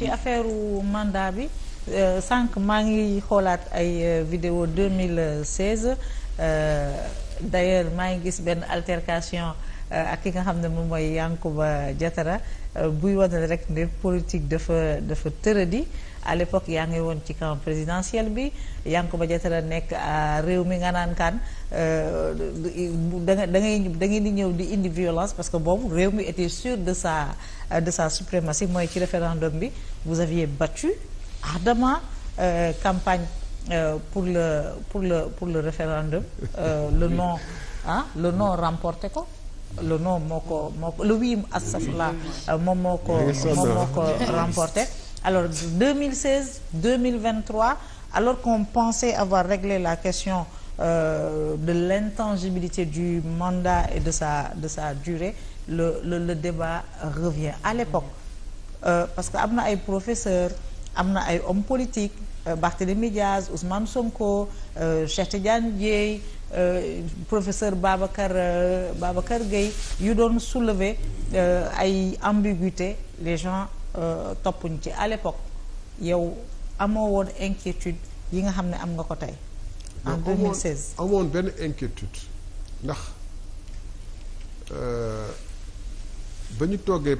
ci affaire mandat bi euh, sànq maa ngi xoolaat ay euh, vidéo 2016 euh, d'ailleurs maa ngi gis benn altercation ak ki nga xam ne moom mooy ba Jatara euh, buy wane rek ne politique dafa dafa tëradi à l'époque yaa ngi woon ci camp présidentiel bi ba Jatara nekk réew mi nga naan kaan euh, da nga da ngeen di ñëw di indi violence parce que boobu réew mi était sûr de sa de sa suprématie mooy ci référendum bi vous aviez battu ardemment euh, campagne euh, pour le pour le pour le référendum le non ah le non remporté ko le non moo ko moo ko le oui astafurlah euh, moom moo ko moom moo ko remporté alors 2016 alors qu'on pensait avoir réglé la question euh, de l'intangibilité du mandat et de sa de sa durée le le, le débat revient à l'époque euh, parce que am na ay professeurs am na ay hommes politiques euh, Barthélémy Diaz Ousmane Sonko euh, Cheikh Tidiane Dièye euh, professeur Babacar Babacar Gueye yu doon soulever ay ambiguïté les topp toppuñ ci à l'époque yow amoo woon inquiétude yi nga xam ne am nga ko tey en 2016 amoon benn inquiétude ndax ba ñu toogee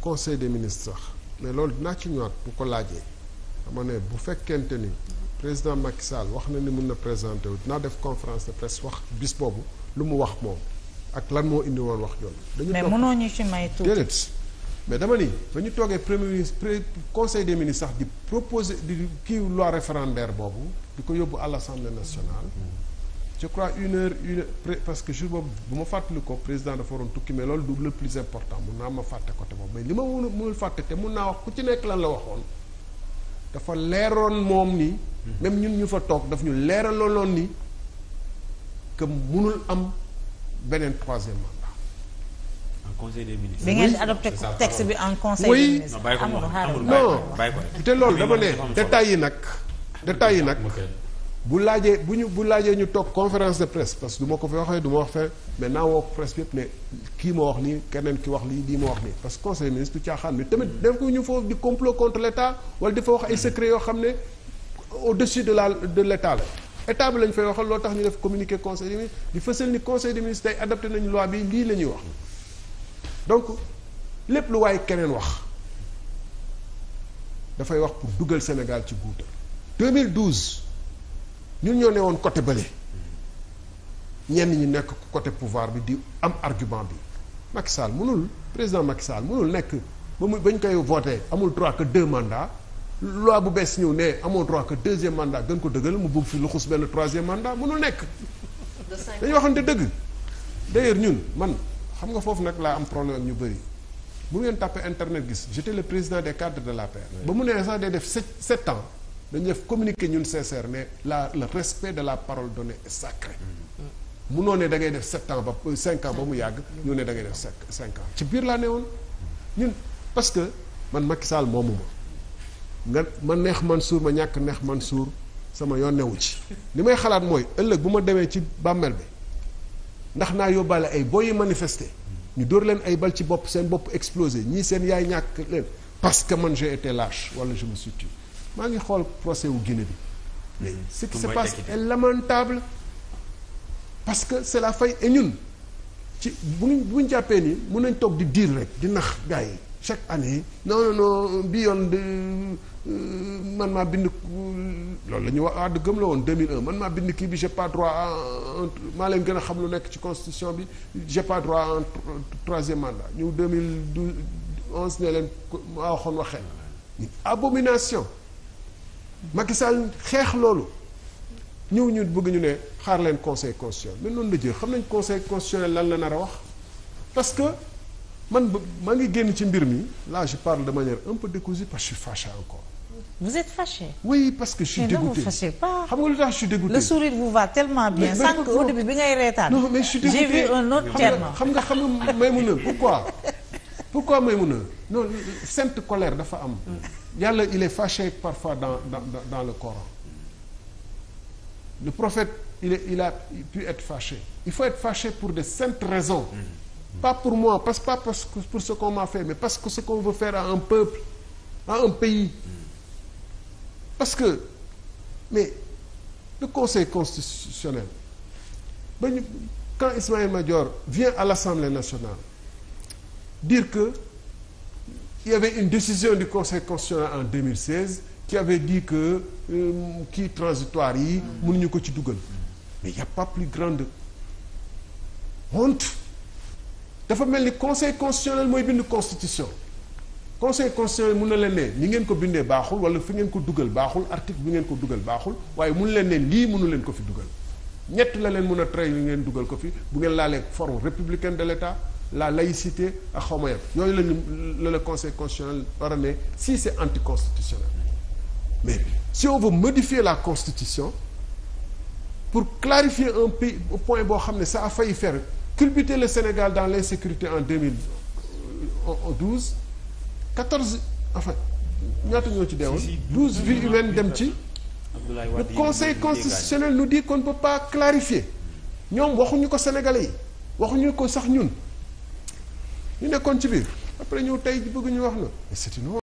conseil des ministres mais loolu dinaa ci ñëwaat bu ko laajee dama ne bu fekkente ni président Macky Sall wax na ni mun na présenté wu dinaa def conférence de presse wax bis boobu lu mu wax moom ak lan moo indi woon wax jooju. dañu mais mënoo ñu ci may tuuti mais dema ni ba ñu toogee premier ministre conseil des ministres sax di proposer di kii loi référendaire boobu di ko yóbbu à l' assemblée nationale. je crois une heure une parce que jour boobu bu ma fàttali ko président dafa waroon tukki mais loolu du le plus important mun naa ma fàtte côté boobu mais li ma mun munul fàtte te mun naa wax ku ci nekk lan la waxoon dafa leeroon moom ni. même ñun ñu fa toog daf ñu leeraloon ni que munul am beneen troisième mandat. en conseil des ministres. ngeen adopté texte bi en conseil. des ministres amul non te loolu dama ne détails yi nag. détails yi nag. bu laajee bu ñu bu laajee ñu toog conférence de presse parce que du ma ko fi waxee du wax fee maintenant woo presse yëpp ne kii ma wax nii keneen ki wax lii lii ma wax nii parce que conseil ministre du caaxaan bi tamit def ko ñu foofu di complot contre l' état wala wax ay secret yoo xam ne au dessus de la de l' état état bi lañ fay waxal loo tax ñu def communiqué conseil des ministres di fësal ni conseil des ministres tey adapté nañu loi bi lii la ñuy donc lépp lu waaye wax dafay wax Sénégal ci guuta 2012 ñun ñoo ne woon côté bële ñenn ñi nekk côté pouvoir bi di am argument bi Macky mënul président Macky Sall mënul nekk ba mu ba ñu koy voté amul droit que deux mandats loi bu bees ñëw nee amoo droit que deuxième mandat gën ko dëggal mu bëgg fi lu xus benn troisième mandat mënul nekk. dañu waxante dëgg. d'ailleurs ñun man xam nga foofu nag laa am problème ak ñu bëri bu ngeen tàppee internet gis j'étais le président des cadres de l'APR. ba mu nee sax day def sept sept dañu def communiqué ñun CCR ne la le respect de la parole donnée est sacré mm. munoo ne da def sept ans ba euh, cinq ans ba mu yàgg ñu ne dangay def cinq cinq ans ci biir laa ne woon ñun parce que man Macky Sall moomu ma nga ma neex Mansour ma ñàkk neex man Mansour sama yoon newu ci li may xalaat mooy ëllëg bu ma demee ci bàmmeel bi ndax naa yóbbaale ay booy yi manifester ñu dóor leen ay bal ci bopp seen bopp explosé ñii seen yaay ñàkk leen parce que man j'ai été lâche wala je me maa ngi xool procès wu Guinée bi mais ce qui se passe est lamentable parce que c'est la faille et ci buñ buñ jàppee ni mun nañ toog di diir rek di nax gars yi chaque année non non bi yoon euh, man maa bind la ñuy wax àdd gëm la woon 2001 man maa bind kii bi j'ai pas droit à maa leen gën a xam lu nekk ci constitution bi j'ai pas droit man la troisième mandat ñëw 2012 11 ne leen maa waxoon waxee abomination Macky Sall xeex loolu ñëw ñu bëgg ñu ne xaar leen conseil constitutionnel mais noonu la jël xam nañ conseil constitutionnel lan la nar a wax parce que man maa ngi génn ci mbir mi là je parle de manière un peu décousue parce que je suis encore. vous êtes fâché. oui parce que je suis dégoûté mais fâché xam nga lu tax je suis dégoûté. le sourire vous va tellement bien. sànq au début bi ngay reetaan. non mais je suis dégoûté j'ai vu un autre terme. xam nga xam nga may mun a pourquoi pourquoi may mun a non sainte colère dafa am. yàlla il est fâché parfois dans dans dans le Coran le prophète il est il a pu être fâché il faut être fâché pour de saintes raisons mhm. pas pour moi parce pas que pour ce qu'on m'a fait mais parce que ce qu'on veut faire à un peuple à un pays mhm. parce que mais le Conseil constitutionnel ba ñu quand Ismaël Madior vient à l'Assemblée nationale dire que il une décision du conseil constitutionnel en 2016 qui avait dit que euh, kii transitoire yi mënuñu ko ci dugal mais il y a plus grande honte dafa mel ni conseil constitutionnel mooy bind constitution conseil constitutionnel mun na leen ne ni ngeen ko bindee baaxul wala fi ngeen ko dugal baaxul article bi ngeen ko dugal baaxul waaye mun leen ne lii mënu leen ko fi dugal ñett la leen mun a traiter ngeen dugal ko fi bu ngeen laalee forme républicaine de l'État la laïcité ak xaw ma yem yooyu la ñu la le conseil constitutionnel war a ne si c'est anticonstitutionnel mais si on modifier la constitution pour clarifier un pays point boo xam ne ça a failli faire culbuter le Sénégal dans l'insécurité en deux mille euh, douze quatorze enfin ñaata ñoo ci deewoon douze vies humaines dem ci le conseil constitutionnel nous dit qu'on ne peut pas clarifier ñoom waxuñu ko sénégalais yi waxuñu ko sax ñun ñu nekkoon ci biir après ñëw tey bëgg ñu wax la c'est une